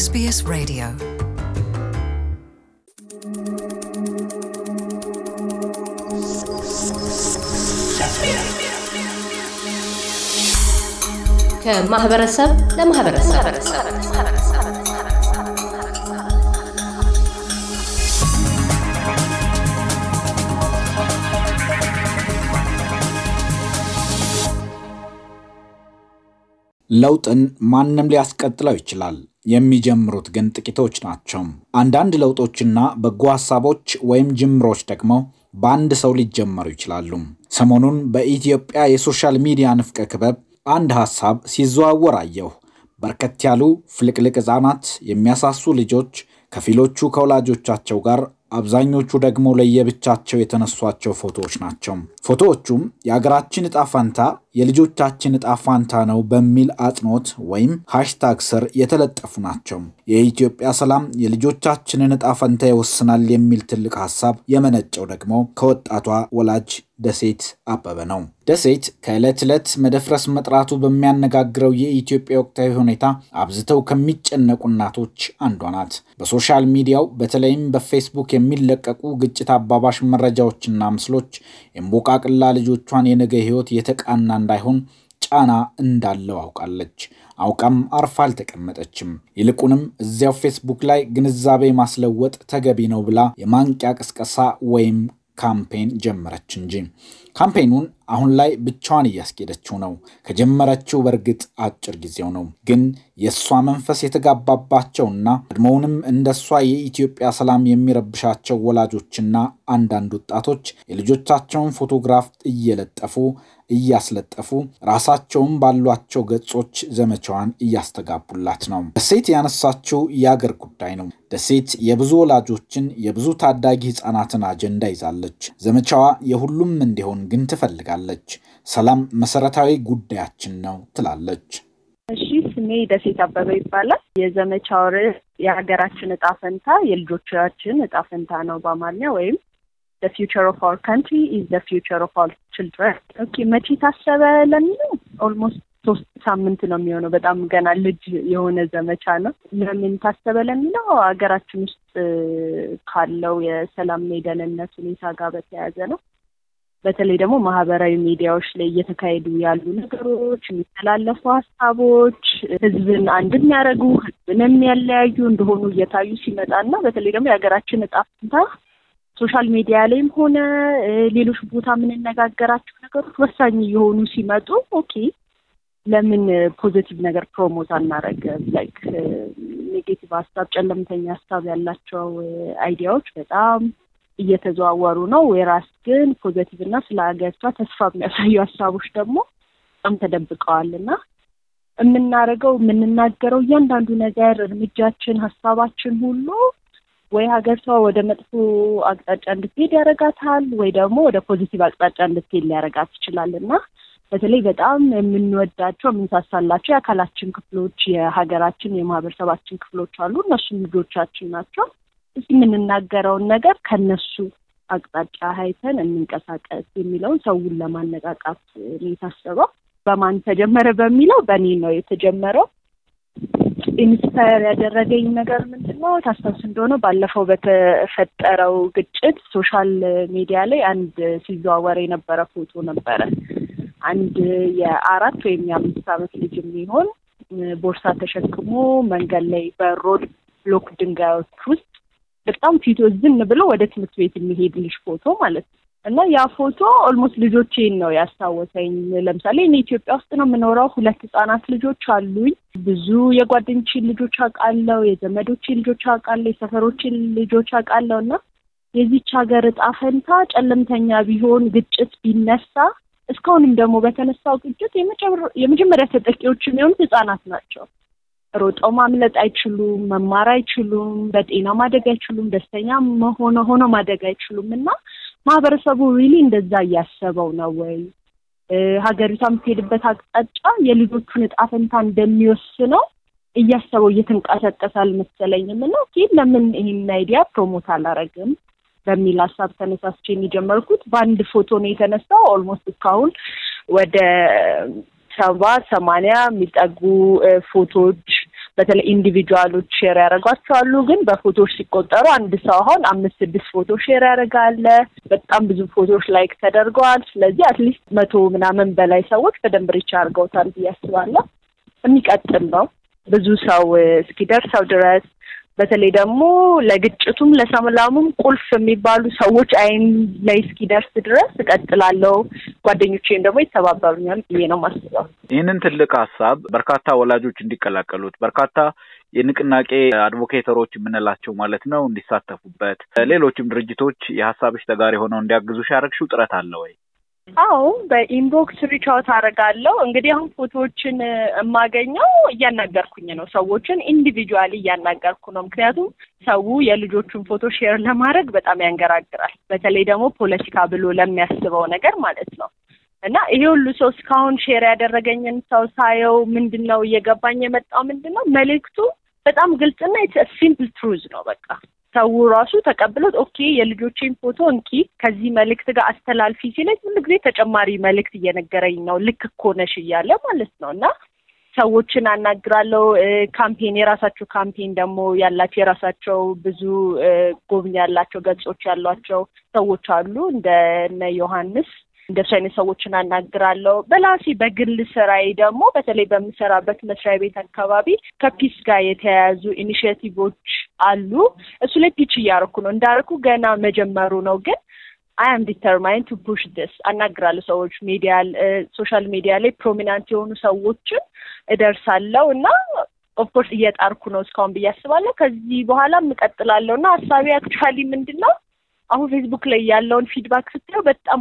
ኤስቢኤስ Radio. ከማህበረሰብ ለማህበረሰብ ለውጥን ማንም ሊያስቀጥለው ይችላል። የሚጀምሩት ግን ጥቂቶች ናቸው። አንዳንድ ለውጦችና በጎ ሀሳቦች ወይም ጅምሮች ደግሞ በአንድ ሰው ሊጀመሩ ይችላሉ። ሰሞኑን በኢትዮጵያ የሶሻል ሚዲያ ንፍቀ ክበብ አንድ ሀሳብ ሲዘዋወር አየሁ። በርከት ያሉ ፍልቅልቅ ሕፃናት፣ የሚያሳሱ ልጆች፣ ከፊሎቹ ከወላጆቻቸው ጋር አብዛኞቹ ደግሞ ለየብቻቸው የተነሷቸው ፎቶዎች ናቸው። ፎቶዎቹም የሀገራችን እጣ ፈንታ የልጆቻችን እጣ ፋንታ ነው በሚል አጽንኦት ወይም ሃሽታግ ስር የተለጠፉ ናቸው። የኢትዮጵያ ሰላም የልጆቻችንን እጣ ፈንታ ይወስናል የሚል ትልቅ ሀሳብ የመነጨው ደግሞ ከወጣቷ ወላጅ ደሴት አበበ ነው። ደሴት ከዕለት ዕለት መደፍረስ መጥራቱ በሚያነጋግረው የኢትዮጵያ ወቅታዊ ሁኔታ አብዝተው ከሚጨነቁ እናቶች አንዷ ናት። በሶሻል ሚዲያው በተለይም በፌስቡክ የሚለቀቁ ግጭት አባባሽ መረጃዎችና ምስሎች እምቦቃቅላ ልጆቿን የነገ ህይወት የተቃና እንዳይሆን ጫና እንዳለው አውቃለች። አውቃም አርፋ አልተቀመጠችም። ይልቁንም እዚያው ፌስቡክ ላይ ግንዛቤ ማስለወጥ ተገቢ ነው ብላ የማንቂያ ቅስቀሳ ወይም ካምፔን ጀመረች እንጂ ካምፔኑን አሁን ላይ ብቻዋን እያስኬደችው ነው። ከጀመረችው በእርግጥ አጭር ጊዜው ነው። ግን የእሷ መንፈስ የተጋባባቸውና ቀድሞውንም እንደሷ የኢትዮጵያ ሰላም የሚረብሻቸው ወላጆችና አንዳንድ ወጣቶች የልጆቻቸውን ፎቶግራፍ እየለጠፉ እያስለጠፉ ራሳቸውን ባሏቸው ገጾች ዘመቻዋን እያስተጋቡላት ነው። ደሴት ያነሳችው የአገር ጉዳይ ነው። ደሴት የብዙ ወላጆችን የብዙ ታዳጊ ህጻናትን አጀንዳ ይዛለች። ዘመቻዋ የሁሉም እንዲሆን ግን ትፈልጋለች። ሰላም መሰረታዊ ጉዳያችን ነው ትላለች። እሺ ስሜ ደሴት አበበ ይባላል። የዘመቻው ርዕስ የሀገራችን እጣ ፈንታ የልጆቻችን እጣ ፈንታ ነው በአማርኛ ወይም ዘ ፊውቸር ኦፍ አወር ካንትሪ ኢዝ ዘ ፊውቸር ኦፍ አወር ችልድረን። ኦኬ መቼ ታሰበ ለሚለው ኦልሞስት ሶስት ሳምንት ነው የሚሆነው። በጣም ገና ልጅ የሆነ ዘመቻ ነው። ለምን ታሰበ ለሚለው ሀገራችን ውስጥ ካለው የሰላምና የደህንነት ሁኔታ ጋር በተያያዘ ነው። በተለይ ደግሞ ማህበራዊ ሚዲያዎች ላይ እየተካሄዱ ያሉ ነገሮች፣ የሚተላለፉ ሀሳቦች ህዝብን አንድ የሚያደርጉ ህዝብን የሚያለያዩ እንደሆኑ እየታዩ ሲመጣና በተለይ ደግሞ የሀገራችን እጣ ፈንታ ሶሻል ሚዲያ ላይም ሆነ ሌሎች ቦታ የምንነጋገራቸው ነገሮች ወሳኝ እየሆኑ ሲመጡ ኦኬ ለምን ፖዘቲቭ ነገር ፕሮሞት አናረግም? ላይክ ኔጌቲቭ ሀሳብ፣ ጨለምተኛ ሀሳብ ያላቸው አይዲያዎች በጣም እየተዘዋወሩ ነው። ወይራስ ግን ፖዘቲቭ እና ስለ ሀገሪቷ ተስፋ የሚያሳዩ ሀሳቦች ደግሞ በጣም ተደብቀዋል እና የምናደርገው የምንናገረው እያንዳንዱ ነገር እርምጃችን፣ ሀሳባችን ሁሉ ወይ ሀገሪቷ ወደ መጥፎ አቅጣጫ እንድትሄድ ያደርጋታል ወይ ደግሞ ወደ ፖዚቲቭ አቅጣጫ እንድትሄድ ሊያደርጋት ይችላል እና በተለይ በጣም የምንወዳቸው የምንሳሳላቸው የአካላችን ክፍሎች የሀገራችን የማህበረሰባችን ክፍሎች አሉ። እነሱም ልጆቻችን ናቸው። የምንናገረውን ነገር ከነሱ አቅጣጫ ሀይተን እንንቀሳቀስ የሚለውን ሰውን ለማነቃቃት የታሰበው በማን ተጀመረ በሚለው በእኔ ነው የተጀመረው። ኢንስፓየር ያደረገኝ ነገር ምንድን ነው? ታስታውስ እንደሆነ ባለፈው በተፈጠረው ግጭት ሶሻል ሚዲያ ላይ አንድ ሲዘዋወር የነበረ ፎቶ ነበረ። አንድ የአራት ወይም የአምስት ዓመት ልጅ የሚሆን ቦርሳ ተሸክሞ መንገድ ላይ በሮድ ብሎክ ድንጋዮች ውስጥ በጣም ፊቱ ዝን ብሎ ወደ ትምህርት ቤት የሚሄድ ልጅ ፎቶ ማለት ነው። እና ያ ፎቶ ኦልሞስት ልጆቼን ነው ያስታወሰኝ። ለምሳሌ እኔ ኢትዮጵያ ውስጥ ነው የምኖረው። ሁለት ህጻናት ልጆች አሉኝ። ብዙ የጓደኞችን ልጆች አውቃለሁ፣ የዘመዶችን ልጆች አውቃለሁ፣ የሰፈሮችን ልጆች አውቃለሁ። እና የዚች ሀገር እጣ ፈንታ ጨለምተኛ ቢሆን ግጭት ቢነሳ እስካሁንም ደግሞ በተነሳው ግጭት የመጀመሪያ ተጠቂዎች የሚሆኑት ህጻናት ናቸው። ሮጠው ማምለጥ አይችሉም፣ መማር አይችሉም፣ በጤና ማደግ አይችሉም፣ ደስተኛ መሆነ ሆኖ ማደግ አይችሉም እና ማህበረሰቡ ሪሊ እንደዛ እያሰበው ነው ወይ ሀገሪቷ የምትሄድበት አቅጣጫ የልጆቹን እጣ ፈንታ እንደሚወስነው እያሰበው እየተንቀሳቀሰ አልመሰለኝም እና ለምን ይህን አይዲያ ፕሮሞት አላረግም በሚል ሀሳብ ተነሳስቼ የሚጀመርኩት በአንድ ፎቶ ነው የተነሳው። ኦልሞስት እስካሁን ወደ ሰባ ሰማንያ የሚጠጉ ፎቶዎች በተለይ ኢንዲቪጁዋሎች ሼር ያደርጓቸዋሉ። ግን በፎቶዎች ሲቆጠሩ አንድ ሰው አሁን አምስት ስድስት ፎቶ ሼር ያደርጋለ። በጣም ብዙ ፎቶዎች ላይክ ተደርገዋል። ስለዚህ አትሊስት መቶ ምናምን በላይ ሰዎች በደንብ ሪች አድርገውታል ብዬ አስባለሁ። የሚቀጥል ነው ብዙ ሰው እስኪደርሰው ድረስ በተለይ ደግሞ ለግጭቱም ለሰላሙም ቁልፍ የሚባሉ ሰዎች አይን ላይ እስኪደርስ ድረስ እቀጥላለሁ። ጓደኞቼም ደግሞ ይተባበሩኛል ብዬ ነው ማስበው። ይህንን ትልቅ ሀሳብ በርካታ ወላጆች እንዲቀላቀሉት በርካታ የንቅናቄ አድቮኬተሮች የምንላቸው ማለት ነው እንዲሳተፉበት፣ ሌሎችም ድርጅቶች የሀሳብሽ ተጋሪ ሆነው እንዲያግዙሽ ያደረግሽው ጥረት አለ ወይ? አዎ በኢንቦክስ ሪቻውት አደርጋለሁ። እንግዲህ አሁን ፎቶዎችን የማገኘው እያናገርኩኝ ነው፣ ሰዎችን ኢንዲቪጁዋሊ እያናገርኩ ነው። ምክንያቱም ሰው የልጆቹን ፎቶ ሼር ለማድረግ በጣም ያንገራግራል፣ በተለይ ደግሞ ፖለቲካ ብሎ ለሚያስበው ነገር ማለት ነው። እና ይሄ ሁሉ ሰው እስካሁን ሼር ያደረገኝን ሰው ሳየው ምንድን ነው እየገባኝ የመጣው ምንድን ነው መልእክቱ በጣም ግልጽና ሲምፕል ትሩዝ ነው በቃ ሰው ራሱ ተቀብሎት ኦኬ የልጆቼን ፎቶ እንኪ ከዚህ መልእክት ጋር አስተላልፊ ሲለኝ ሁሉ ጊዜ ተጨማሪ መልእክት እየነገረኝ ነው። ልክ እኮ ነሽ እያለ ማለት ነው እና ሰዎችን አናግራለው። ካምፔን የራሳቸው ካምፔን ደግሞ ያላቸው የራሳቸው ብዙ ጎብኝ ያላቸው ገጾች ያሏቸው ሰዎች አሉ እንደነ ዮሐንስ እንደሱ አይነት ሰዎችን አናግራለሁ። በላሴ በግል ስራዬ ደግሞ በተለይ በምሰራበት መስሪያ ቤት አካባቢ ከፒስ ጋር የተያያዙ ኢኒሽቲቮች አሉ። እሱ ላይ ፒች እያደረኩ ነው። እንዳርኩ ገና መጀመሩ ነው ግን አይ አም ዲተርማይን ቱ ፑሽ ዲስ አናግራለሁ። ሰዎች ሚዲያ ሶሻል ሚዲያ ላይ ፕሮሚናንት የሆኑ ሰዎችን እደርሳለሁ እና ኦፍኮርስ እየጣርኩ ነው እስካሁን ብዬ አስባለሁ። ከዚህ በኋላም እቀጥላለሁ እና ሀሳቢ አክቹዋሊ ምንድን ነው አሁን ፌስቡክ ላይ ያለውን ፊድባክ ስታየው በጣም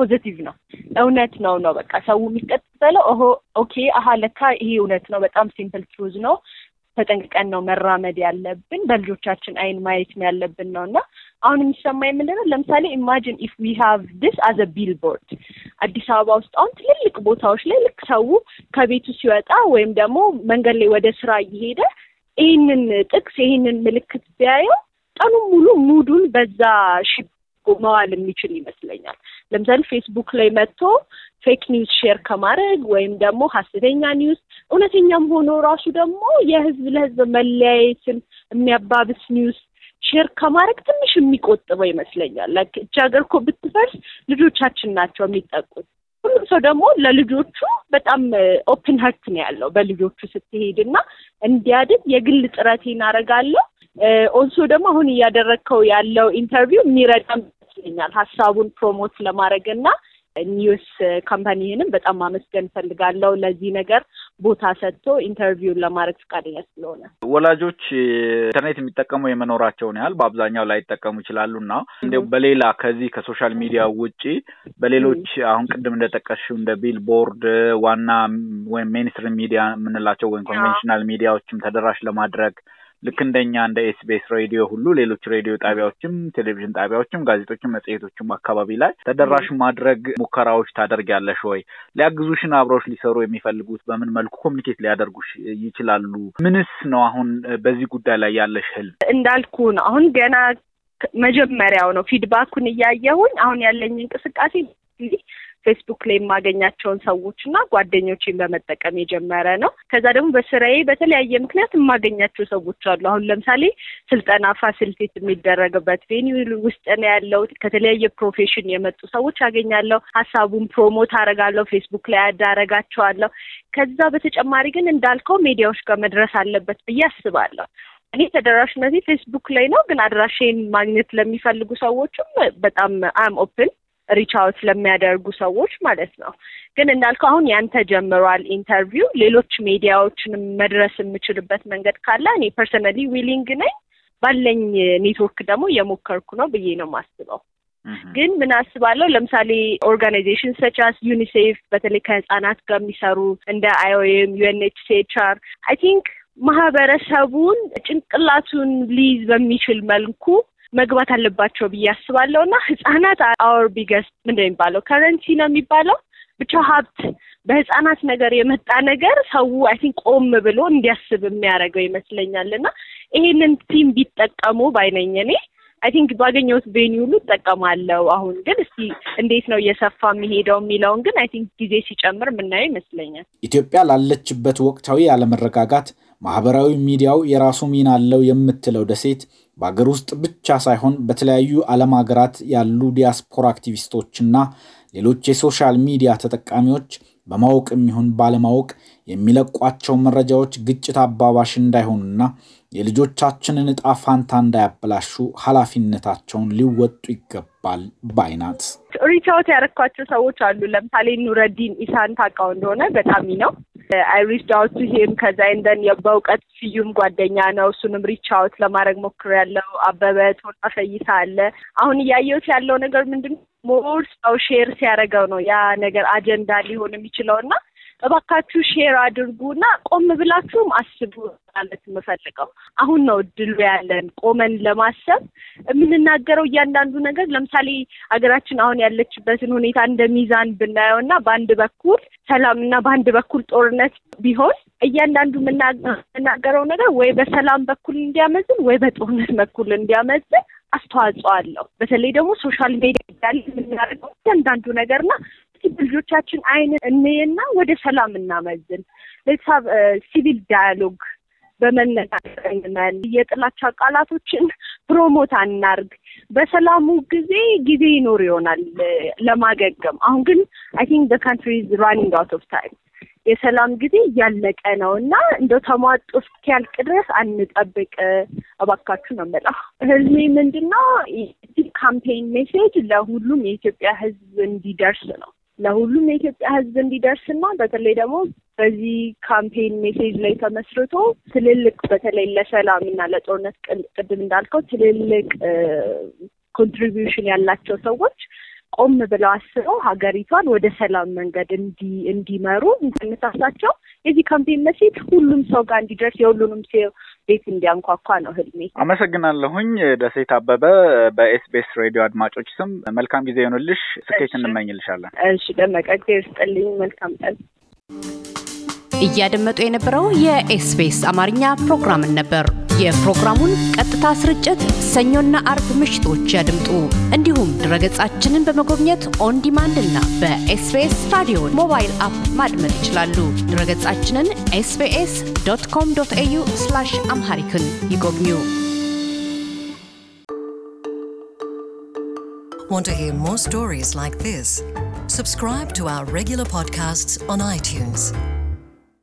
ፖዘቲቭ ነው። እውነት ነው ነው በቃ ሰው የሚቀጥለው ኦሆ ኦኬ አሀ ለካ ይሄ እውነት ነው። በጣም ሲምፕል ትሩዝ ነው። ተጠንቅቀን ነው መራመድ ያለብን በልጆቻችን አይን ማየት ያለብን ነው እና አሁን የሚሰማኝ ምንድን ነው ለምሳሌ ኢማጂን ኢፍ ዊ ሃቭ ዲስ አዝ አ ቢልቦርድ አዲስ አበባ ውስጥ አሁን ትልልቅ ቦታዎች ላይ ልክ ሰው ከቤቱ ሲወጣ ወይም ደግሞ መንገድ ላይ ወደ ስራ እየሄደ ይህንን ጥቅስ ይህንን ምልክት ቢያየው ቀኑን ሙሉ ሙዱን በዛ ሽቦ መዋል የሚችል ይመስለኛል። ለምሳሌ ፌስቡክ ላይ መጥቶ ፌክ ኒውስ ሼር ከማድረግ ወይም ደግሞ ሀሰተኛ ኒውስ እውነተኛም ሆኖ ራሱ ደግሞ የህዝብ ለህዝብ መለያየትን የሚያባብስ ኒውስ ሼር ከማድረግ ትንሽ የሚቆጥበው ይመስለኛል። ላይክ እቺ ሀገር እኮ ብትፈርስ ልጆቻችን ናቸው የሚጠቁት። ሁሉም ሰው ደግሞ ለልጆቹ በጣም ኦፕን ሀርት ነው ያለው በልጆቹ ስትሄድ እና እንዲያድግ የግል ጥረት አደርጋለሁ ኦልሶ ደግሞ አሁን እያደረግከው ያለው ኢንተርቪው የሚረዳም ይመስለኛል ሀሳቡን ፕሮሞት ለማድረግ እና ኒውስ ካምፓኒህንም በጣም ማመስገን እፈልጋለሁ ለዚህ ነገር ቦታ ሰጥቶ ኢንተርቪውን ለማድረግ ፈቃደኛ ስለሆነ። ወላጆች ኢንተርኔት የሚጠቀሙ የመኖራቸውን ያህል በአብዛኛው ላይጠቀሙ ይችላሉ እና እንዲሁም በሌላ ከዚህ ከሶሻል ሚዲያ ውጪ በሌሎች አሁን ቅድም እንደጠቀስሽው እንደ ቢልቦርድ ዋና ወይም ሜንስትሪም ሚዲያ የምንላቸው ወይም ኮንቬንሽናል ሚዲያዎችም ተደራሽ ለማድረግ ልክ እንደኛ እንደ ኤስቢኤስ ሬዲዮ ሁሉ ሌሎች ሬዲዮ ጣቢያዎችም፣ ቴሌቪዥን ጣቢያዎችም፣ ጋዜጦችም፣ መጽሔቶችም አካባቢ ላይ ተደራሽ ማድረግ ሙከራዎች ታደርጊያለሽ ወይ? ሊያግዙሽን አብረውሽ ሊሰሩ የሚፈልጉት በምን መልኩ ኮሚኒኬት ሊያደርጉሽ ይችላሉ? ምንስ ነው አሁን በዚህ ጉዳይ ላይ ያለሽ ህልም? እንዳልኩ ነው አሁን ገና መጀመሪያው ነው። ፊድባኩን እያየሁኝ አሁን ያለኝ እንቅስቃሴ ፌስቡክ ላይ የማገኛቸውን ሰዎች እና ጓደኞችን በመጠቀም የጀመረ ነው። ከዛ ደግሞ በስራዬ በተለያየ ምክንያት የማገኛቸው ሰዎች አሉ። አሁን ለምሳሌ ስልጠና ፋሲሊቴት የሚደረግበት ቬኒው ውስጥ ነው ያለው። ከተለያየ ፕሮፌሽን የመጡ ሰዎች አገኛለሁ። ሀሳቡን ፕሮሞት አረጋለሁ፣ ፌስቡክ ላይ አዳረጋቸዋለሁ። ከዛ በተጨማሪ ግን እንዳልከው ሚዲያዎች ጋር መድረስ አለበት ብዬ አስባለሁ። እኔ ተደራሽነቴ ፌስቡክ ላይ ነው፣ ግን አድራሼን ማግኘት ለሚፈልጉ ሰዎችም በጣም አም ኦፕን ሪቻውት ለሚያደርጉ ሰዎች ማለት ነው። ግን እንዳልኩ አሁን ያንተ ጀምሯል ኢንተርቪው፣ ሌሎች ሜዲያዎችንም መድረስ የምችልበት መንገድ ካለ እኔ ፐርሰናሊ ዊሊንግ ነኝ። ባለኝ ኔትወርክ ደግሞ የሞከርኩ ነው ብዬ ነው የማስበው። ግን ምን አስባለሁ፣ ለምሳሌ ኦርጋናይዜሽን ሰቻስ ዩኒሴፍ በተለይ ከህጻናት ጋር የሚሰሩ እንደ አይኦኤም ዩኤንኤችሲኤችአር አይ ቲንክ ማህበረሰቡን ጭንቅላቱን ሊይዝ በሚችል መልኩ መግባት አለባቸው ብዬ አስባለሁ እና ህጻናት አወር ቢገስ ምንድ የሚባለው ከረንሲ ነው የሚባለው ብቻ ሀብት በህጻናት ነገር የመጣ ነገር ሰው አይ ቲንክ ቆም ብሎ እንዲያስብ የሚያደርገው ይመስለኛል እና ይሄንን ቲም ቢጠቀሙ ባይነኝ እኔ አይ ቲንክ ባገኘሁት ቤኒ ሁሉ እጠቀማለሁ። አሁን ግን እስቲ እንዴት ነው እየሰፋ የሚሄደው የሚለውን ግን አይ ቲንክ ጊዜ ሲጨምር የምናየው ይመስለኛል። ኢትዮጵያ ላለችበት ወቅታዊ አለመረጋጋት ማህበራዊ ሚዲያው የራሱ ሚና አለው የምትለው ደሴት በአገር ውስጥ ብቻ ሳይሆን በተለያዩ ዓለም ሀገራት ያሉ ዲያስፖራ አክቲቪስቶችና ሌሎች የሶሻል ሚዲያ ተጠቃሚዎች በማወቅም ይሁን ባለማወቅ የሚለቋቸው መረጃዎች ግጭት አባባሽ እንዳይሆኑና የልጆቻችንን እጣ ፋንታ እንዳያበላሹ ኃላፊነታቸውን ሊወጡ ይገባል ባይናት ሪቻውት ያደረግኳቸው ሰዎች አሉ። ለምሳሌ ኑረዲን ኢሳን ታውቃው እንደሆነ በጣም ነው አይ ሪች አውት ሂም ከዛ እንደን በእውቀት ስዩም ጓደኛ ነው። እሱንም ሪች አውት ለማድረግ ሞክሮ ያለው አበበ ቶና ፈይታ አለ። አሁን እያየሁት ያለው ነገር ምንድን ነው ሞር ሰው ሼር ሲያደርገው ነው ያ ነገር አጀንዳ ሊሆን የሚችለው እና እባካችሁ ሼር አድርጉ እና ቆም ብላችሁም አስቡ ማለት የምፈልገው አሁን ነው እድሉ ያለን ቆመን ለማሰብ የምንናገረው እያንዳንዱ ነገር። ለምሳሌ ሀገራችን አሁን ያለችበትን ሁኔታ እንደ ሚዛን ብናየው እና በአንድ በኩል ሰላም እና በአንድ በኩል ጦርነት ቢሆን እያንዳንዱ የምናገረው ነገር ወይ በሰላም በኩል እንዲያመዝን ወይ በጦርነት በኩል እንዲያመዝን አስተዋጽኦ አለው። በተለይ ደግሞ ሶሻል ሜዲያ ያለ የምናደርገው እያንዳንዱ ነገርና በልጆቻችን አይን እንየና ወደ ሰላም እናመዝን። ለሳብ ሲቪል ዳያሎግ በመነጋገር እንመል። የጥላቻ ቃላቶችን ፕሮሞት አናርግ። በሰላሙ ጊዜ ጊዜ ይኖር ይሆናል ለማገገም። አሁን ግን አይ ቲንክ ዘ ካንትሪ ኢዝ ራኒንግ አውት ኦፍ ታይም የሰላም ጊዜ እያለቀ ነው እና እንደ ተሟጦ እስኪያልቅ ድረስ አንጠብቅ፣ እባካችሁ ነው የምለው። ህልሜ ምንድነው ይህ ካምፔን ሜሴጅ ለሁሉም የኢትዮጵያ ህዝብ እንዲደርስ ነው ለሁሉም የኢትዮጵያ ህዝብ እንዲደርስና በተለይ ደግሞ በዚህ ካምፔን ሜሴጅ ላይ ተመስርቶ ትልልቅ በተለይ ለሰላም እና ለጦርነት ቅድም እንዳልከው ትልልቅ ኮንትሪቢሽን ያላቸው ሰዎች ቆም ብለው አስበው ሀገሪቷን ወደ ሰላም መንገድ እንዲ እንዲመሩ እንድንሳሳቸው የዚህ ካምፔን መሴት ሁሉም ሰው ጋር እንዲደርስ የሁሉንም ሰው ቤት እንዲያንኳኳ ነው ህልሜ። አመሰግናለሁኝ። ደሴት አበበ በኤስቢኤስ ሬዲዮ አድማጮች ስም መልካም ጊዜ ይሆንልሽ፣ ስኬት እንመኝልሻለን። እሺ ደመቀ፣ እግዚአብሔር ይስጥልኝ። መልካም ቀን። እያደመጡ የነበረው የኤስቢኤስ አማርኛ ፕሮግራምን ነበር። የፕሮግራሙን ቀጥታ ስርጭት ሰኞና አርብ ምሽቶች ያድምጡ። እንዲሁም ድረገጻችንን በመጎብኘት ኦን ዲማንድ እና በኤስቤስ ራዲዮ ሞባይል አፕ ማድመጥ ይችላሉ። ድረገጻችንን ኤስቤስ ዶት ኮም ዶት ኤዩ አምሃሪክን ይጎብኙ። Want to hear more stories like this? Subscribe to our regular podcasts on iTunes.